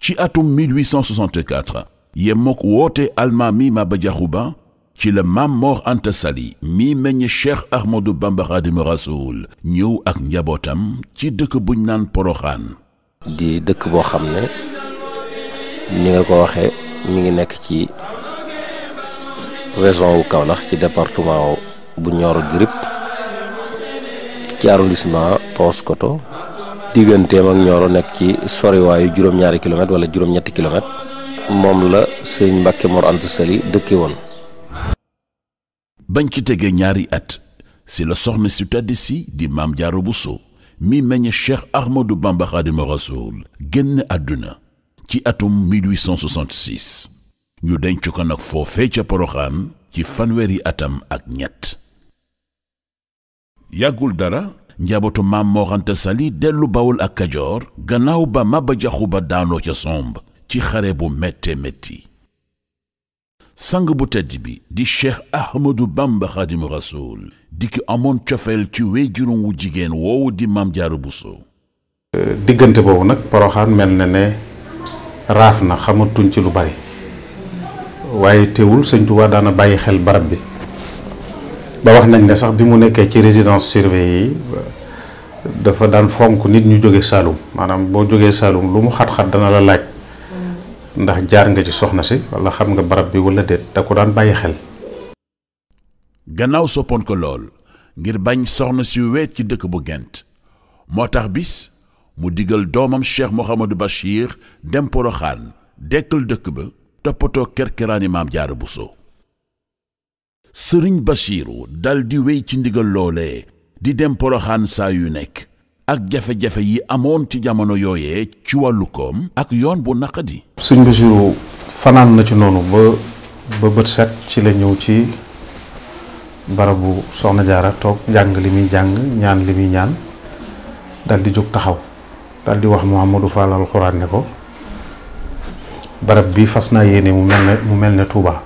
ci atum 1864 yemmook woote almaami Maba Jaxu Ba ci la Maam Moor Anta Sali mi meññ Cheikh Ahmadou Bamba Xaadimu Rasuul ñëw ak njabootam ci dëkk buñ naan Poroxaan di dëkk boo xam ne ni nga ko waxe mi ngi nekk ci région wu Kaolack ci département bu Nioro du Rip ci arrondissement Paoskoto digganteem ak Nioro nekk ci soriwaayu juróom wala juróom-ñetti kilomètre moom la sëñ Mbàkke Mor dëkke woon. bañ ci tegee ñaari at si la soxna su tedd si di maam Jaara Buso mi meññ Cheikh Ahmadou Bamba Xaadimu Rasuul génn àdduna ci atum 1866 ñu denc ko nag foofee ca Poroxaan ci fanweeri atam ak ñett dara. njabootu maam Mor Anta Sali dellu bawul ak Kajoor gannaaw ba Maba Jaxu Ba daanoo ca somb ci xare bu métte métti sang bu tedd bi di cheikh ahmadu bamba xaadimu rasuul di ki amoon cofeel ci wéyjuróom wu jigéen woowu di maam jaaru buso euh, diggante boobu nag poroxaan mel na ne raaf na xamatuñ ci lu bari waaye teewul sëñ Tuubaa daana bàyyi xel barab bi ba wax nañ ne sax bi mu nekkee ci résidence surveillée yi dafa daan fonk nit ñu jóge Saalum maanaam boo jógee Saalum lu mu xat-xat dana la laaj ndax jaar nga ci soxna si wala xam nga barab bi wala déet da ko daan bàyyi xel gannaaw soppoon ko lool ngir bañ soxna si weet ci dëkk bu gent moo tax bis mu digal doomam Cheikh Mouhamadou Bachir dem Poroxaan dekkal dëkk ba toppatoo kër kerkeraani maam Jaara Buso Sering basiiru dal di wey ci ndigal lolé di dem poroxan sa yu nek ak jafé jafé yi amone ci jamono yoyé ci walu kom ak yoon bu naqadi serigne basiiru fanan na ci nonu ba ba beut set ci la ñew ci barabu soxna jaara tok jang limi jang ñaan limi ñaan dal di juk taxaw dal di wax Mouhamadou Fall qur'an ne ko barab bi fasna yene mu melne mu melne Touba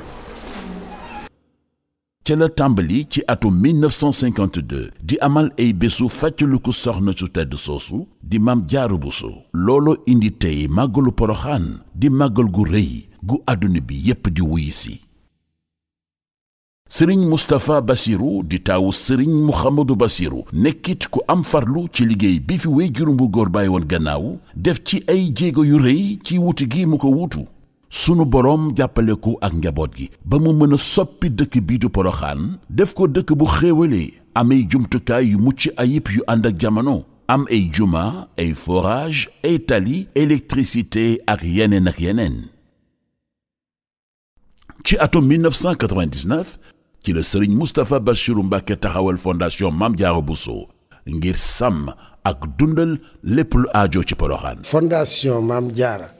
ca la tàmbali ci atum 1952 di amal ay bésu fàccaliku soxna su tedd soosu di maam jaaru buso looloo indi tey màggalu poroxaan di màggal gu rëy gu àdduna bi yépp di wuy si sëriñ Moustapha Bassirou di taawu sëriñ Mouhamadou Bassirou nekkit ku am farlu ci liggéey bi fi wéy juróom bu góor bàyyi woon gannaaw def ci ay jéego yu rëy ci wuuti gi mu ko wuutu sunu boroom jàppale ko ak njaboot gi ba mu mën a soppi dëkk bii du poroxaan def ko dëkk bu xéewalee amay jumtukaay yu mucc ayib yu ànd ak jamono am ay jumaa ay forage ay tali électricité ak yeneen ak yeneen ci atum 1999 ci la sëriñ Moustapha Bachiru Mbàkke taxawal fondation Mame bu Bousso ngir sàmm ak dundal lépp lu aajo ci poroxaan fondation Mame Diarra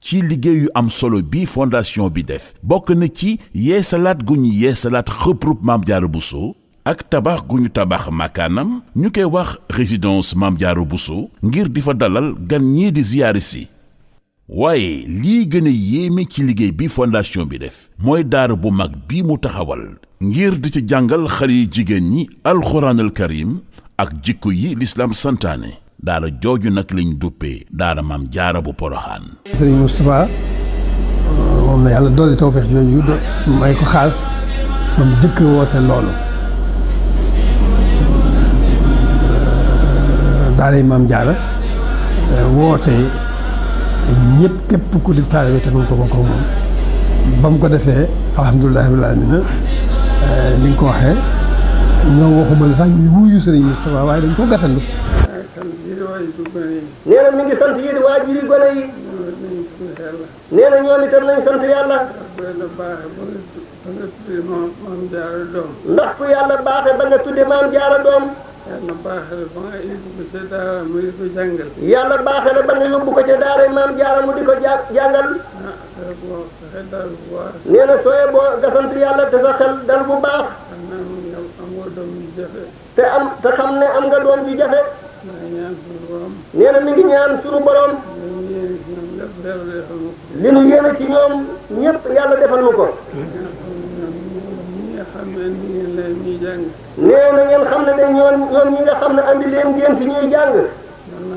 ci liggéey yu am solo bi fondation bi def bokk na ci yeesalaat gu ñu yeesalaat regroupement Mame bu Bousso ak tabax gu ñu tabax makaanam ñu koy wax résidence Mame bu Bousso ngir di fa dalal gan ñii di ziyaari si waaye lii gën a yéeme ci liggéey bi fondation bi def mooy daara bu mag bi mu taxawal ngir di ci jàngal xale yi jigéen ñi alxuraanal karim ak jikko yi lislaam santaane daara jooju nag lañ duppee daara maam jaara bu poroxaan sëriñ Moustapha euh, moom la yàlla doole tawfeex jooju may ko xaas ba mu jëkk woote loolu euh, daara maam jaara euh, woote ñëpp képp ku di taalibe te mu ko bokk moom ba mu ko defee alhamdulilah rabbil aalamiin li nga ko waxee ñoo waxuma la sax ñu wuyu sëriñ Moustapha waaye dañ koo gàttandu nee na mi ngi sant yéen waajuri gone yi. nee na ñoom itam lañ sant ndax ku yàlla baaxee ba nga tudde maam jaara doom. yàlla baaxee la ba nga yóbbu ko ca daara maam jaara mu di ko ja jàngal. nee na boo nga sant yàlla te sa dal bu baax. te am te xam ne am nga doom ji jafe. ñaan suñu borom. nee na mi ngi ñaan suñu borom. li nu yéene ci ñoom ñëpp yàlla defal nu ko. nee na xam ne ne ñoom ñoom ñi nga xam ne andi leen ngeen fi ñuy jàng. nee na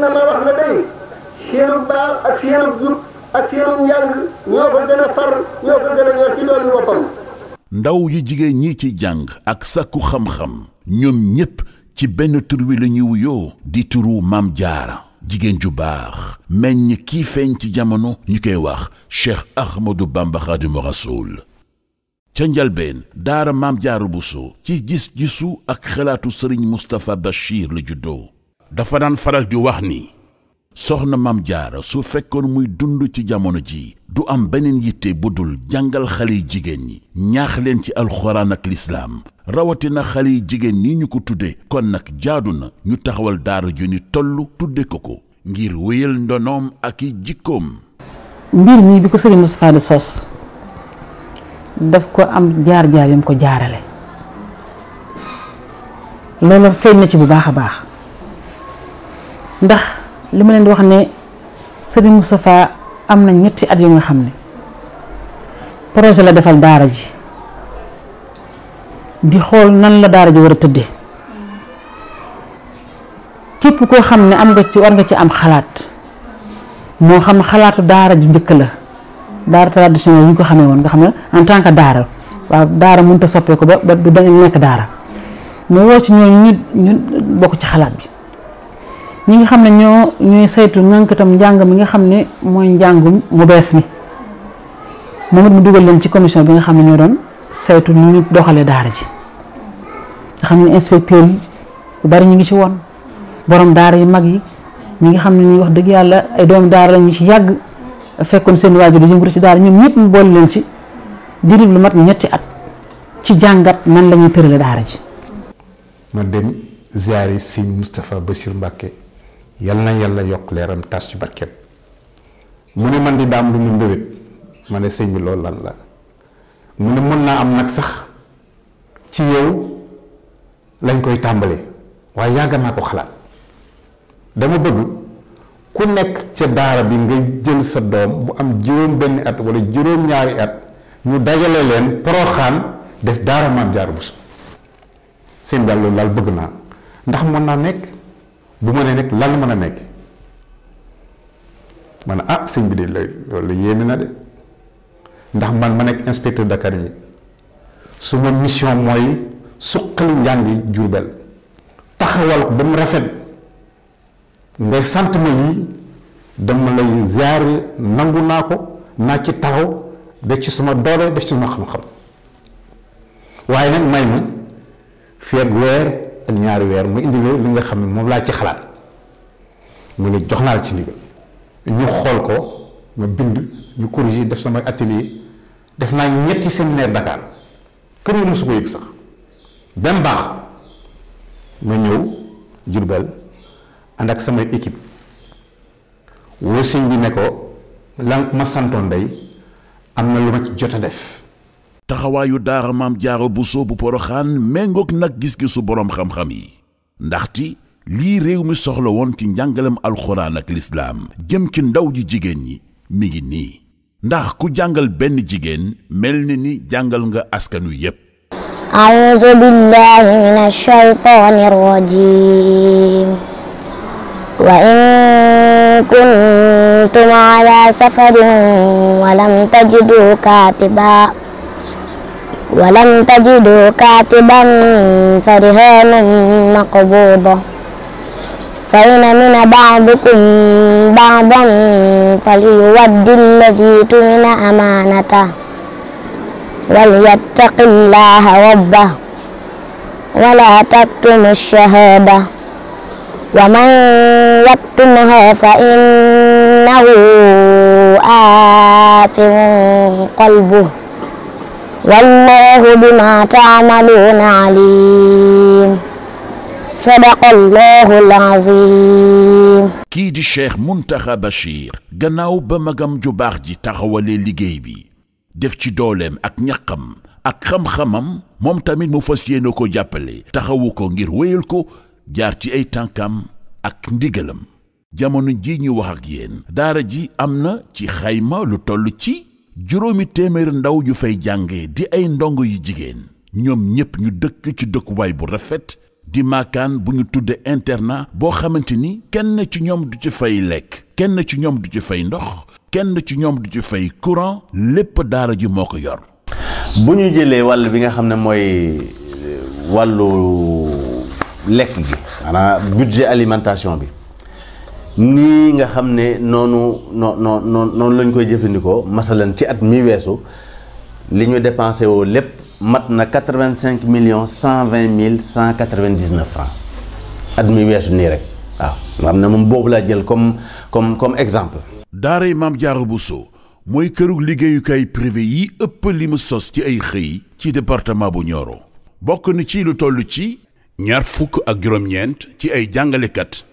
na ma wax na day seenu baax ak seenu jub ak seenum njàng ñoo fa gën a far ñoo fa gën a ñor ci loolu boppam ndaw yu jigéen ñi ci jàng ak sàkku xam-xam ñoom ñépp ci benn tur wi la ñuy wuyoo di turu maam jaara jigéen ju baax meññ kii feeñ ci jamono ñu koy wax cheikh ahmadou bamba xaadimu rasuul ca njalbeen daara maam jaara buso ci gis-gisu ak xalaatu sëriñ mustapha bachir la juddoo dafa daan faral di wax ni soxna Maam Jaara su fekkoon muy dund ci jamono ji du am beneen yitte bu dul jàngal xale yi jigéen ñi ñaax leen ci alxuraan ak lislaam rawatina xale yi jigéen ñi ñu ko tudde kon nag jaadu na ñu taxawal daara ju ni toll tudde ko ko ngir wéyal ndonoom ak jikkoom mbir ko sëriñ Moustapha di sos ko am jaar-jaar yam ko jaarale loolu feeñ na ci bu baax a baax ndax li ma leen di wax ne Serigne Moustapha am na ñetti at yu nga xam ne projet la defal daara ji di xool nan la daara ji war a tëddee képp koo xam ne am nga ci war nga ci am xalaat moo xam xalaatu daara ju njëkk la daara traditionnel yi ñu ko xamee woon nga xam ne en tant que daara waaw daara mënut a soppee ko ba du dañu nekk daara moo woo ci ñooñu ñu ñu bokk ci xalaat bi. ñi ngi xam ne ñoo ñooy saytu ngànk itam njàng mi nga xam ne mooy njàngum mu bees mi moom mu dugal leen ci commission bi nga xam ne ñoo doon saytu ni ñu doxalee daara ji nga xam ne inspecteur yi bu bari ñu ngi ci woon borom daara yu mag yi ñi ngi xam ne ñu wax dëgg yàlla ay doom daara la ñu ci yàgg fekkoon seen waajur di yëngatu ci daara ñoom ñëpp mu boole leen ci dirib lu mat ñetti ak ci jàngat man la ñuy tërale daara ji. ma dem ziare sëñ Moustapha Bachir yal na yàlla yokk leeram tas ci barkeem mu ne man di daam lu mu mbébét ma ne sëñ bi loolu lan la mu ne mën naa am nag sax ci yow lañ koy tàmbalee waaye yàgg naa ko xalaat dama bëgg ku nekk ca daara bi nga jël sa doom bu am juróom benni at wala juróom ñaari at mu dajale leen poroxaan def daara maam jaar bu sëñ bi loolu daal bëgg naa ndax mën naa nekk bu ma nee nag lan mën a nekk ma ne ah sëñ bi de loolu yéeme na de ndax man ma nekk inspecteur Dakar yi su ma mission mooy suqali njàng Jurbel taxawal ko ba mu rafet ngay sant ma lii dama lay ziar nangu naa ko naa ci taxaw def ci suma doole def ci suma xam-xam waaye nag may ma feeg weer. ak ñaari weer mu indi li nga xam ne moom laa ci xalaat mu ne jox naa la ci ndigal ñu xool ko ma bind ñu corriger def sama atelier def naa ñetti séminaire Dakar kër yi mosu ko yëg sax benn baax ma ñëw Jurbel ànd ak samay équipe woo bi ne ko la ma santoon day am na lu ma jot a def taxawaayu daara maam jaaro bu soobu poroxaan méngoog nag gis-gisu boroom xam-xam yi ndaxti lii réew mi soxla woon ci njàngalem alxuraan ak lislaam jëm ci ndaw ji jigéen ñi mi ngi nii ndax ku jàngal benn jigéen mel ni ni jàngal nga askanu yépp أعوذ بالله من الشيطان الرجيم وإن كنتم على سفر ولم تجدوا كاتبا ولن تجدوا كاتبا فرهان مقبوضة فإن من بعضكم بعضا فليود الذي تمن أمانته وليتق الله ربه ولا تكتم الشهادة ومن يكتمها فإنه آثم قلبه wallahu bima taamaluuna alim kii di cheikh Mountakha Bachir gannaaw ba magam ju baax ji taxawalee liggéey bi def ci dooleem ak ñaqam ak xam-xamam moom tamit mu fas yéene ko jàppale taxawu ko ngir wéyal ko jaar ci ay tànkam ak ndigalam jamono ji ñu wax ak yéen daara ji am na ci xayma lu toll ci juróomi téeméeri ndaw yu fay jànge di ay ndongo yu jigéen ñoom ñépp ñu dëkk ci dëkkuwaay bu rafet di maakaan bu ñu tudde internat boo xamante ni kenn ci ñoom du ci fay lekk kenn ci ñoom du ci fay ndox kenn ci ñoom du ci fay courant lépp daara ji moo ko yor bu ñu jëlee wàll bi nga xam ne mooy wàllu lekk gi maanaam budget alimentation bi nii nga xam ne noonu noo noo noonu lañ koy jëfandikoo masalan ci at mi weesu li ñu dépensé woo lépp mat na quatre-vingt-cinq millions cent vingt mille cent quatre-vingt-dix-neuf francs at mi weesu nii rek waaw nga xam ne moom boobu laa jël comme comme comme exemple. daaray Maam Jaara Bousso mooy kërug liggéeyukaay privé yi ëpp li mu sos ci ay xëy ci département bu Nioro. bokk na ci lu toll ci. ñaar ak juróom ci ay jàngalekat.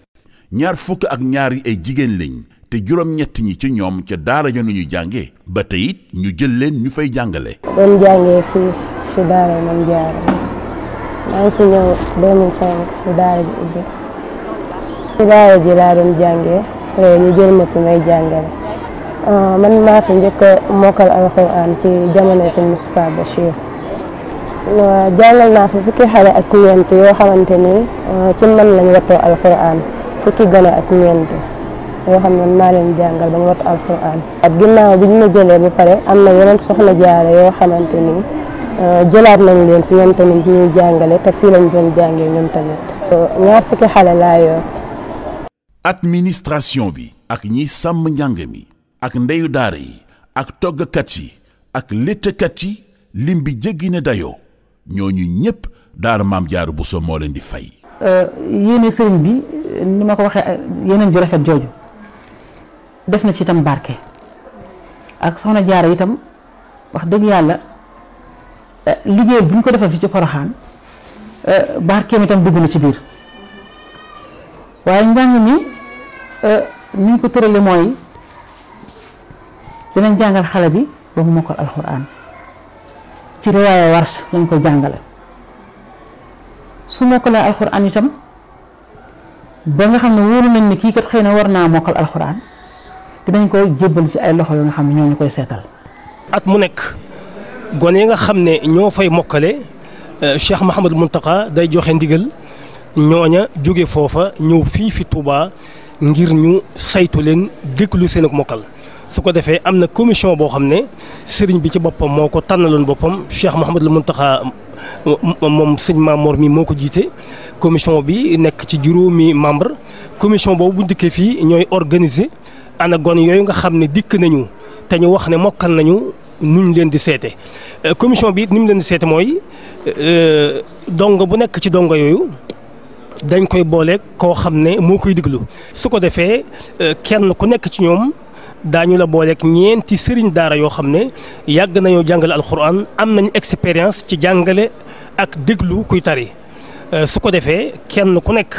ñaar fukk ak ñaar yi ay jigéen lañ te juróom-ñett ñi ci ñoom ca daara ja nu ñu jàngee ba tey ñu jël leen ñu fay jàngale. doon jàngee fii si daara man jaara maa ngi fi ñëw 2005 ñu ji laa doon jàngee ñu jël ma fi may jàngale. Ah, man maa fi njëkk a mokkal alxuraan ci jamono sëñ Moustapha Bachir ah, jàngal naa fi fukki xale ak ñeent yoo xamante ni ah, ci man lañ wattoo alxuraan. fukki gone ak ñeent yoo xam ne maa leen jàngal ba ñu wattu alxuraan at ginnaaw bi ñu ma jëlee ba pare am na yeneen soxna jaare yoo xamante ni euh, jëlaat nañ leen fi ñoom tamit ñuy jàngale euh, ñaar fukki xale laa yor administration bi ak ñi sàmm njàng mi ak ndeyu daara yi ak toggkat yi ak léttkat yi lim bi jéggi na dayoo ñooñu ñépp daara maam jaaru bu so moo leen di fay Euh, yéene sëriñ bi ni ma ko waxee yeneen ju rafet jooju def na ci tam barke ak soxna jaara itam wax dëgg yàlla euh, liggéey bu ñu ko defal fi ci poroxaan euh, barkeem itam dugg na ci biir waaye njàng mi ni ñu ko tërale mooy dinañ jàngal xale bi ba mu mokkal alxuraan ci riwaaya warsh lañ ko jàngale su mokkalee alxuraan itam ba nga xam ne wóoru nañ ni kii kat xëy na war naa mokkal alxuraan ko jébbal ci ay loxo yoo nga xam ñoo ñu koy at mu nekk gone yi nga xam ne fay mokalé Cheikh mohammed muntaka day joxe ndigal ñooña jóge foofa ñëw fii fi Touba ngir ñu saytu leen déglu seen ak mokkal. su ko defee am commission boo xam ne sëriñ bi ci boppam moo ko tànnaloon Cheikh Mouhamadou Mountakha. moom sëñ Mamor mi moo ko jiite commission bi nekk ci juróomi membre commission boobu bu dikkee fii ñooy organiser ana gone yooyu nga xam ne dikk nañu te ñu wax ne mokkal nañu nuñ leen di seete euh, commission bi it ni mu leen di seete mooy euh, dongo bu nekk ci dongo yooyu dañ koy boole koo xam ne moo koy diglu su ko defee euh, kenn ku nekk ci ñoom dañu la booleeg ñenti sëriñ daara yo xamne yag nañu jangal alquran am nañ expérience ci jàngale ak déglu kuy tari su ko defé kenn ku nekk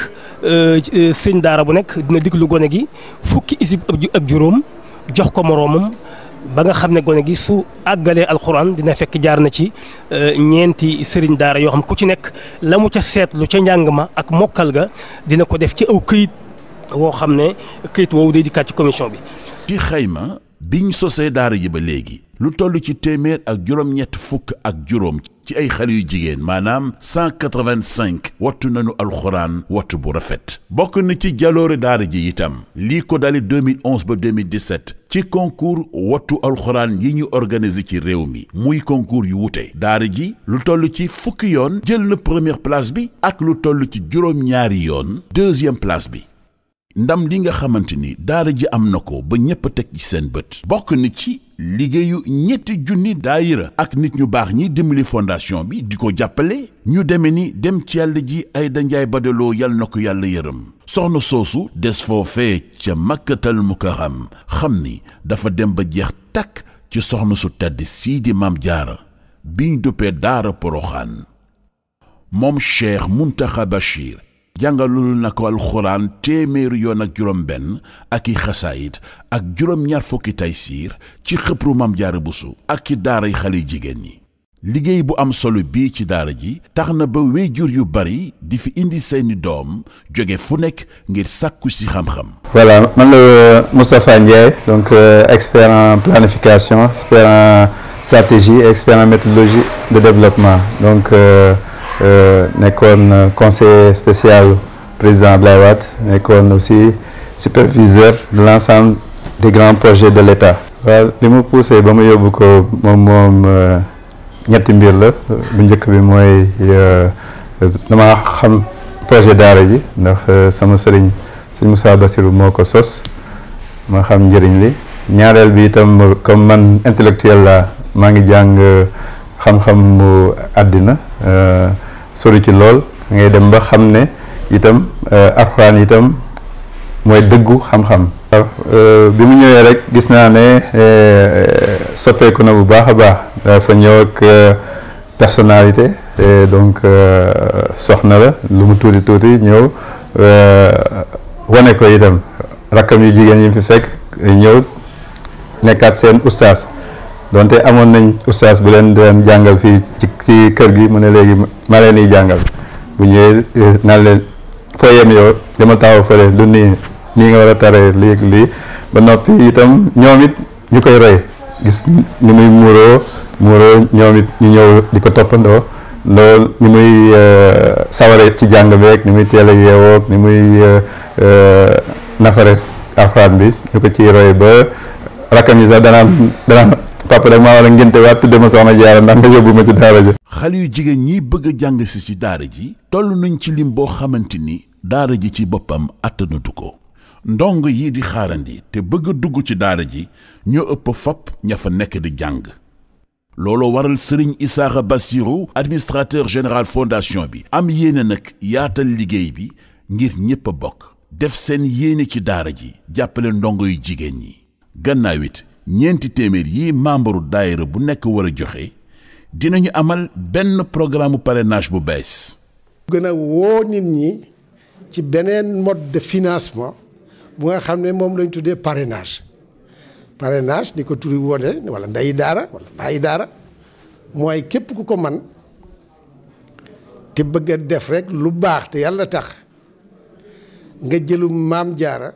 sëriñ daara bu nekk dina déglu gone gi fukki isib ab djuroom jox ko moromum ba nga xamne gone gi su agalé alquran dina fekk jaar na ci ñenti sëriñ daara yo xam ku ci nekk lamu mu ca seetlu ca ma ak mokal ga dina ko def ci aw keuyit wo xamne keuyit wo woowu ci commission bi ci xayma biñ sosee daara ji ba de lu toll ci téeméer ak juróom-ñett fukk ak juróom ci ay xale yu jigéen maanaam 185 wattu nañu alxuraan wattu bu rafet bokk na ci jaloore daara ji itam ko dali 2011 ba 2017 ci concours wattu alxuraan yi ñu ci réew muy concours yu wute daara ji lu ci première place bi ak lu toll ci ñaari yoon deuxième place bi ndam li nga xamante ni daara ji am na ko ba ñépp teg ci seen bët bokk na ci liggéeyu ñetti junni daayira ak nit ñu baax ñi dimbali fondation bi di ko jàppale ñu demee ni dem ci yàlla ji ay danjaay badaloo yàlla na ko yàlla yërëm soxna soosu des foofee ca makkatal mukaram xam ni dafa dem ba jeex takk ci soxna su tedd sii di maam jaara biñ duppee daara poroxaan moom cheikh muntaxa bachir jàngalul na ko alxuraan téeméeri yoon ak juróom-benn ak i xasaayit ak juróom-ñaar fukki taysiir ci xëpru mam jaar Buso ak ci yi xale jigéen ñi liggéey bu am solo bii ci daara ji tax na ba jur yu bari di fi indi seeni doom jóge fu nekk ngir sàkku si xam-xam. voilà euh, Moustapha Ndiaye donc euh, expert en planification expert en stratégie expert en méthodologie de développement donc. Euh, euh, nekkoon euh, conseiller spécial président Abdoulaye Wade nekkoon aussi superviseur de l'ensemble des grands projets de l'État waaw li mu poussé ba ma yóbbu ko moom moom euh, ñetti mbir la bu ñëk bi mooy dama xam projet daara ji ndax sama sëriñ sëñ Moussa Bassirou moo ko sos ma xam njëriñ li ñaareel bi itam comme man intellectuel la maa ngi jàng xam-xam mu àddina solu ci lool ngay dem ba xam ne itam euh, alxuraan itam mooy dëggu xam-xam. Euh, bi mu ñëwee rek gis naa ne euh, soppeeku na bu baax a baax dafa ñëw ak personnalité donc soxna la lu mu tuuti tuuti ñëw wane ko itam rakkam yu jigéen yi fi fekk ñëw nekkaat seen ustaas. donte amon nañ oustaz bu len den jangal fi ci ci kër gi mune legi ma di jàngal bu ñëwee eh, nal leen foo yem yow dama taaw fële du ni ni nga wara a leg li ba nopi itam ñomit it roy gis ni muy muro muro ñomit ñu ñew di topando toppandoo ni muy eh, saware ci jang beeg ni muy teel a ni muy eh, nafare alxuraan bi ñuko ci roy ba dana dana papa nag maa war a ngénte waat tudde ma soxna jaara ndax nga yóbbu ci daara ji xale yu jigéen ñi bëgg a jàng si ci daara ji toll nañ ci lim boo xamante ni daara ji ci boppam attanatu ko ndong yi di xaarandi te bëgg dugg ci daara ji ñoo ëpp fop ña fa nekk di jàng looloo waral Serigne Issakha Bassirou administrateur général fondation bi am yéene nag yaatal liggéey bi ngir ñépp a bokk def seen yéene ci daara ji jàppale ndongo yu jigéen ñi gannaawit ñeenti téeméer yi membre daayira bu nekk war a joxe dinañu amal benn programme parrainage bu bees. gën a woo nit ñi ci beneen mode de financement bu nga xam ne moom lañ tuddee parrainage parrainage ni ko turi wone walla ndeyi daara wala bàyyi daara mooy képp ku ko man te bëgg a def rek lu baax te yàlla tax nga jëlu maam jaara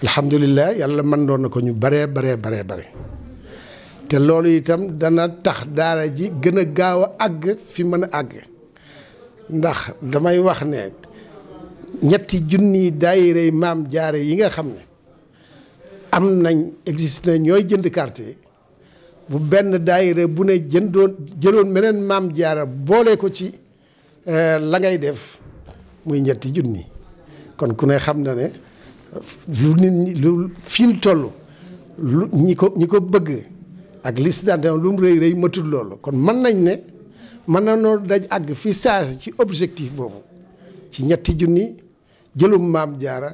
alhamdulilah yàlla man doon ko ñu baree baree baree bare te loolu itam dana tax daara ji gën a gaaw a àgg fi mën a àgg ndax damay wax ne ñetti junni daayirey maam jaare yi nga xam ne am nañ existe na ñooy jënd carte bu benn daayire bu ne jëndoon jëloon meneen maam jaara boole ko ci eh, la ngay def muy ñetti junni kon ku ne xam na ne lu nit lu fi mu toll lu ñi ko ñi ko bëgg ak li si daan lu mu rëy rëy matul loolu kon mën nañ ne mën na noonu daj àgg fi saa ci objectif boobu ci ñetti junni jëlum maam jaara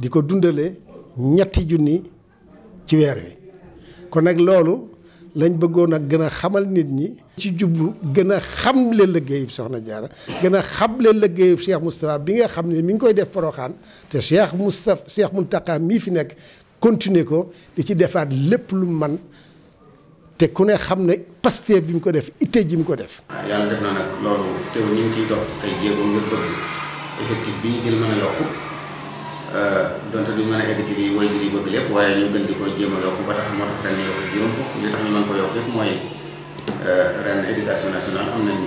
di ko dundale ñetti junni ci weer wi kon nag loolu lañ bëggoon a gën a xamal nit ñi. ci jubbu gën a xam leen xamle liggéeyub Soxna Jaara gën a leen xamle liggéeyub Cheikh Moustapha bi nga xam ne mi ngi koy def poroxaan te Cheikh Moustapha Cheikh Mountakha mii fi nekk continuer ko li ci defaat lépp lu man te ku ne xam ne Pastef bi mu ko def te ji mu ko def. waaw yàlla def na nag loolu teew ñu ngi dox ay jéego ngir bëgg effectif bi ñu jël mën a yokku. Euh, donte duñ mën a egg ci lii way bi di bëgg lépp waaye ñu gën di ko jéem yokk ba tax moo tax ren yokk juróom fukk li tax ñu mën ko yokk yëpp euh, am nañ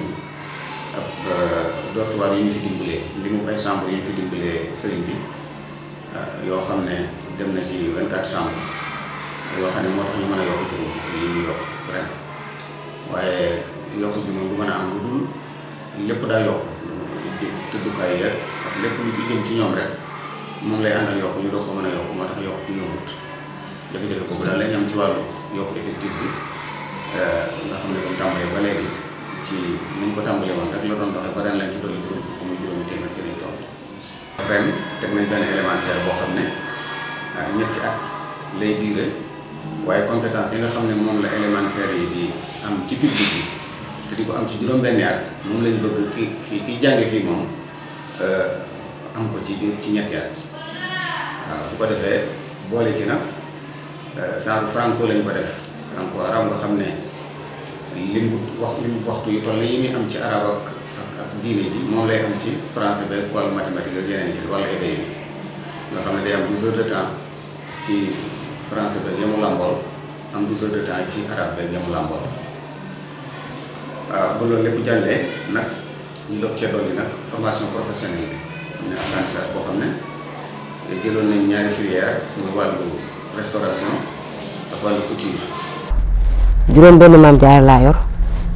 ab euh, dortoir yu ñu li mu yu fi dimbalee sëriñ bi yoo xam ne dem na ci 24 chambre yoo xam ne moo tax ñu mën a yokk juróom fukk yi ñu yokk ren waaye yokk bi moom du mën a am lu dul lépp daa yokk tëddukaay yeeg ak lépp lu jëm ci ñoom rek moom lay àndal yokk ñu doog ko mën a yokk moo tax yokk yombut jafe-jafe boobu daal lañ am ci wàllu yokk effectif bi eh, nga xam ne comme ba léegi ci niñ ko tàmbalee woon rek la doon doxee ba ren lañ ci dolli juróom fukk muy ren teg nañ benn boo xam ne eh, ñetti at lay diire waaye compétence yi nga xam ne moom la élémentaire yi di am ci public te di ko am ci juróom-benni at moom lañ bëgg ki ki kiy jànge fii moom eh, am ko ci ci ñetti at. waaw bu ko defee boole ci nag saaru euh, franco lañu ko def franco arab nga xam ne lim bu wax lim waxtu yu toll yi muy am ci arab ak ak ak diine ji moom lay am ci france beeg wàllu mathématique ak yeneen nga xam ne day am 12 heures làmbool am 12 heures de temps ci arab beeg yamu làmbool waaw euh, bu loolu lépp jàllee nag ñu doog cee dolli nag formation professionnelle bi am na boo xam ne. jëloon nañ ñaari filière muy wàllu restauration ak walu couture. juróom benn maam jaara laa yor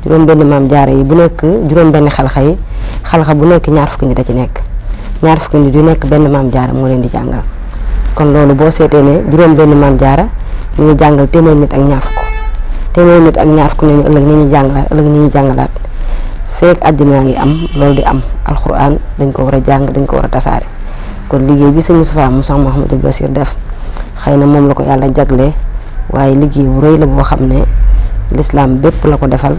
juróom benn maam jaara yi bu nekk juróom benn xalxa yi xalxa bu nekk ñaar fukki nit da ci nekk ñaar fukki nit yu nekk benn maam jaara moo leen di jàngal kon loolu boo seetee ne juróom benn maam jaara ñu ngi jàngal téeméer nit ak ñaar fukk téeméer nit ak ñaar fukk ñooñu ëllëg ñi ñuy jàngalaat ëllëg ñuy jàngalaat feek àddina am loolu di am alxuraan dañ ko war a jàng dañ ko war a tasaare kon liggey bi seigne Moustapha Moussa Mouhamadou Bassir def xeyna mom la ko yalla jagle waye liggey bu reey la bo xam ne bepp la ko defal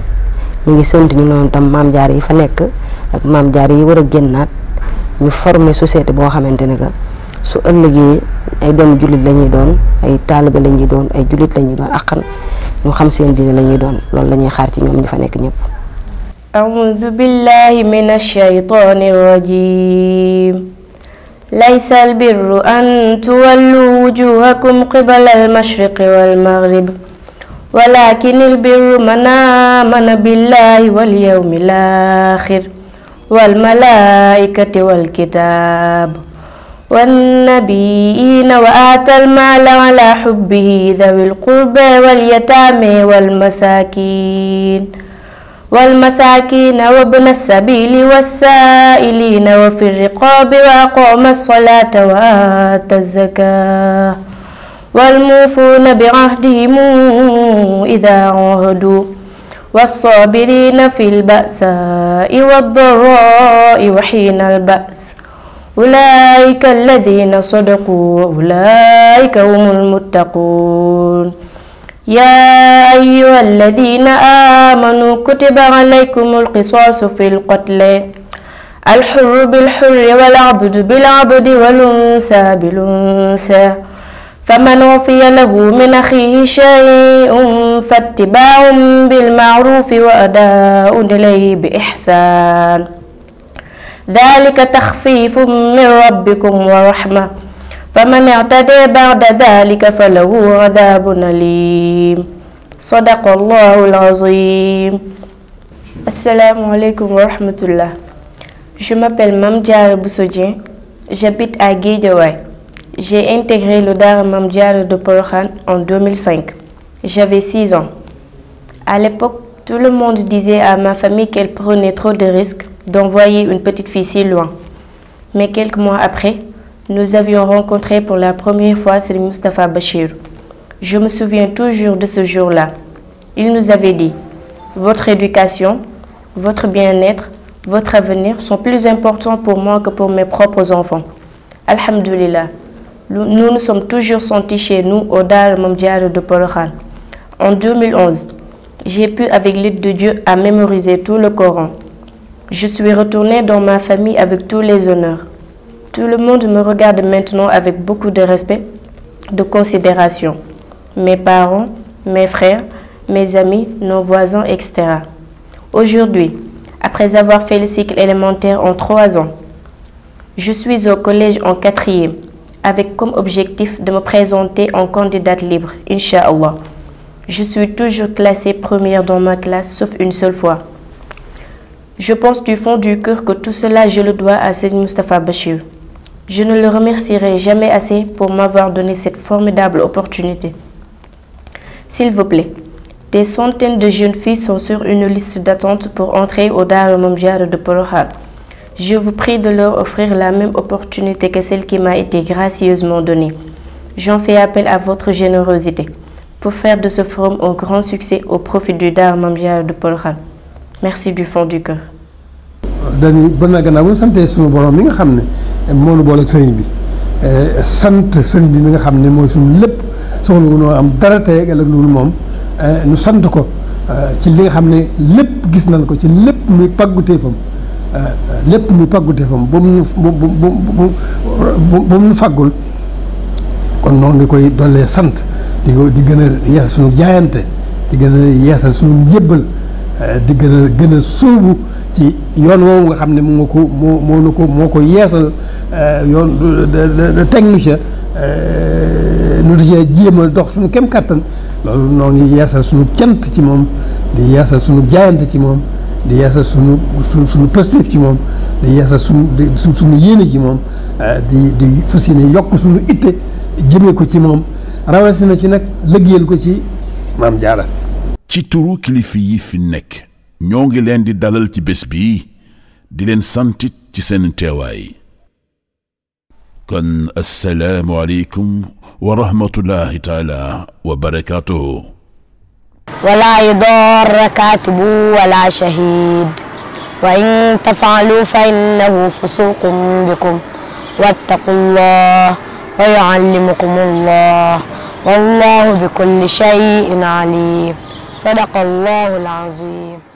ñi ngi sant ñu non tam mam jaar yi fa nek ak mam jaar yi wara gennat ñu former société bo xamante ga su ëllëgee ay doomu julit lañuy doon ay talibé lañuy doon ay julit lañuy doon akal ñu xam seen diine lañuy doon loolu lañuy xaar ci ñom ñi fa nek ñëpp. أعوذ billahi minash الشيطان rajim ليس البر أن تولوا وجوهكم قبل المشرق والمغرب ولكن البر من آمن بالله واليوم الآخر والملائكة والكتاب والنبيين وآتى المال على حبه ذوي القربى واليتامى والمساكين والمساكين وابن السبيل والسائلين وفي الرقاب وأقام الصلاة وآتى الزكاة والموفون بعهدهم إذا عهدوا والصابرين في البأساء والضراء وحين البأس أولئك الذين صدقوا وأولئك هم المتقون يا أيها الذين آمنوا كتب عليكم القصاص في القتل الحر بالحر والعبد بالعبد والأنثى بالأنثى فمن وفي له من أخيه شيء فاتباع بالمعروف وأداء إليه بإحسان ذلك تخفيف من ربكم ورحمة Je m'appelle Mamdiar Boussodien, j'habite à Guédiawaye. J'ai intégré le Dara de Porokhan en 2005. J'avais 6 ans. À l'époque, tout le monde disait à ma famille qu'elle prenait trop de risques d'envoyer une petite fille si loin. Mais quelques mois après, nous avions rencontré pour la première fois Sri Mustafa Bachir. Je me souviens toujours de ce jour-là. Il nous avait dit Votre éducation, votre bien-être, votre avenir sont plus importants pour moi que pour mes propres enfants. Alhamdulillah, nous nous sommes toujours sentis chez nous au Dar Mondial de Polokhan. En 2011, j'ai pu, avec l'aide de Dieu, à mémoriser tout le Coran. Je suis retourné dans ma famille avec tous les honneurs. Tout le monde me regarde maintenant avec beaucoup de respect, de considération. Mes parents, mes frères, mes amis, nos voisins, etc. Aujourd'hui, après avoir fait le cycle élémentaire en trois ans, je suis au collège en quatrième avec comme objectif de me présenter en candidate libre, Inch'Allah. Je suis toujours classée première dans ma classe, sauf une seule fois. Je pense du fond du cœur que tout cela, je le dois à Seyed Mustafa Bachir. Je ne le remercierai jamais assez pour m'avoir donné cette formidable opportunité. S'il vous plaît, des centaines de jeunes filles sont sur une liste d'attente pour entrer au Dar Mamja de Porohar. Je vous prie de leur offrir la même opportunité que celle qui m'a été gracieusement donnée. J'en fais appel à votre générosité pour faire de ce forum un grand succès au profit du Dar Mamja de Porohar. Merci du fond du cœur. moo nu booleeg sëriñ bi sant sëriñ bi mi nga xam ne mooy suñu lépp soxla wu noo am dara tey ëllëg loolu moom nu sant ko euh, ci li nga xam ne lépp gis nañ ko ci lépp muy pagguteefam euh, lépp mu ñu ba mu ñu faggul kon noo ngi koy dollee sant di di gën a yeesal suñu jaayante di gën a yeesal suñu njébbal euh, di gën a gën a sóobu ci yoon woowu nga xam ne moo ko moo moo nu ko moo ko yeesal euh, yoon de technicien euh, nu di cee jéem a dox suñu kem kattan loolu noo ngi yeesal suñu cant ci moom di yeesal suñu jaayante ci moom di yeesal suñu suñu suñu ci moom di yeesal suñu suñu suñu yéene ci moom euh, di di fas yokk suñu itte jëme ko ci moom na ci nag lëggéeyal ko ci maam jaara ci turu kilifa yi fi nekk. ñoo ngi leen di dalal ci bés bi di leen santit ci seen teewaay kon assalaamu aleykum wa rahmatullahi taala wa barakaatuhu ولا يضار كاتب ولا شهيد وإن تفعلوا فإنه فسوق بكم واتقوا الله ويعلمكم الله والله بكل شيء عليم صدق الله العظيم